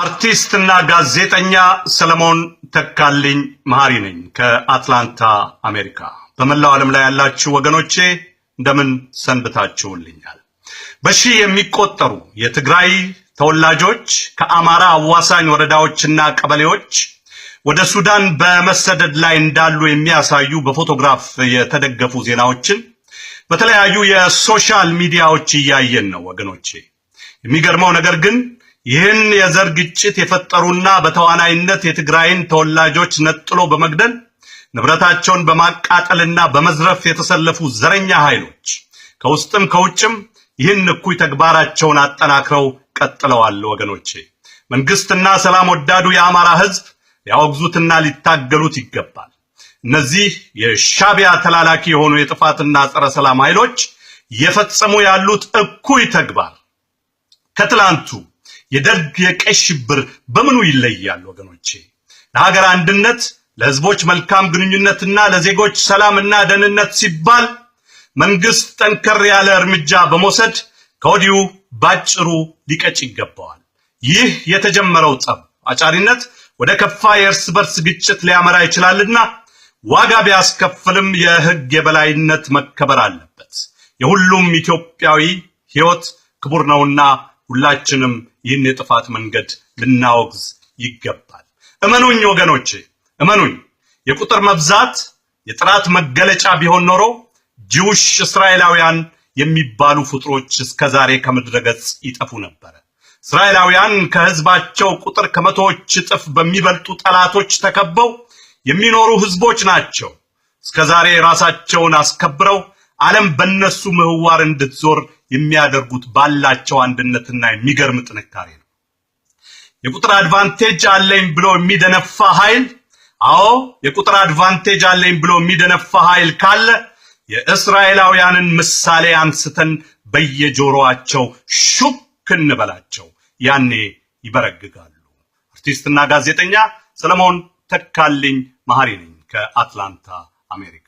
አርቲስትና ጋዜጠኛ ሰለሞን ተካልኝ መሐሪ ነኝ ከአትላንታ አሜሪካ። በመላው ዓለም ላይ ያላችሁ ወገኖቼ እንደምን ሰንብታችሁልኛል? በሺህ የሚቆጠሩ የትግራይ ተወላጆች ከአማራ አዋሳኝ ወረዳዎችና ቀበሌዎች ወደ ሱዳን በመሰደድ ላይ እንዳሉ የሚያሳዩ በፎቶግራፍ የተደገፉ ዜናዎችን በተለያዩ የሶሻል ሚዲያዎች እያየን ነው ወገኖቼ። የሚገርመው ነገር ግን ይህን የዘር ግጭት የፈጠሩና በተዋናይነት የትግራይን ተወላጆች ነጥሎ በመግደል ንብረታቸውን በማቃጠልና በመዝረፍ የተሰለፉ ዘረኛ ኃይሎች ከውስጥም ከውጭም ይህን እኩይ ተግባራቸውን አጠናክረው ቀጥለዋል። ወገኖቼ፣ መንግስትና ሰላም ወዳዱ የአማራ ህዝብ ሊያወግዙትና ሊታገሉት ይገባል። እነዚህ የሻቢያ ተላላኪ የሆኑ የጥፋትና ጸረ ሰላም ኃይሎች እየፈጸሙ ያሉት እኩይ ተግባር ከትላንቱ የደርግ የቀይ ሽብር በምኑ ይለያል? ወገኖቼ ለሀገር አንድነት፣ ለህዝቦች መልካም ግንኙነትና ለዜጎች ሰላምና ደህንነት ሲባል መንግስት ጠንከር ያለ እርምጃ በመውሰድ ከወዲሁ ባጭሩ ሊቀጭ ይገባዋል። ይህ የተጀመረው ጸብ አጫሪነት ወደ ከፋ የእርስ በርስ ግጭት ሊያመራ ይችላልና ዋጋ ቢያስከፍልም የህግ የበላይነት መከበር አለበት። የሁሉም ኢትዮጵያዊ ህይወት ክቡር ነውና ሁላችንም ይህን የጥፋት መንገድ ልናወግዝ ይገባል። እመኑኝ ወገኖቼ፣ እመኑኝ የቁጥር መብዛት የጥራት መገለጫ ቢሆን ኖሮ ጅውሽ እስራኤላውያን የሚባሉ ፍጡሮች እስከ ዛሬ ከምድረ ገጽ ይጠፉ ነበረ። እስራኤላውያን ከህዝባቸው ቁጥር ከመቶዎች እጥፍ በሚበልጡ ጠላቶች ተከበው የሚኖሩ ህዝቦች ናቸው። እስከ ዛሬ ራሳቸውን አስከብረው ዓለም በነሱ ምህዋር እንድትዞር የሚያደርጉት ባላቸው አንድነትና የሚገርም ጥንካሬ ነው። የቁጥር አድቫንቴጅ አለኝ ብሎ የሚደነፋ ኃይል አዎ የቁጥር አድቫንቴጅ አለኝ ብሎ የሚደነፋ ኃይል ካለ የእስራኤላውያንን ምሳሌ አንስተን በየጆሮአቸው ሹክ እንበላቸው። ያኔ ይበረግጋሉ። አርቲስትና ጋዜጠኛ ሰለሞን ተካልኝ መሐሪ ነኝ ከአትላንታ አሜሪካ።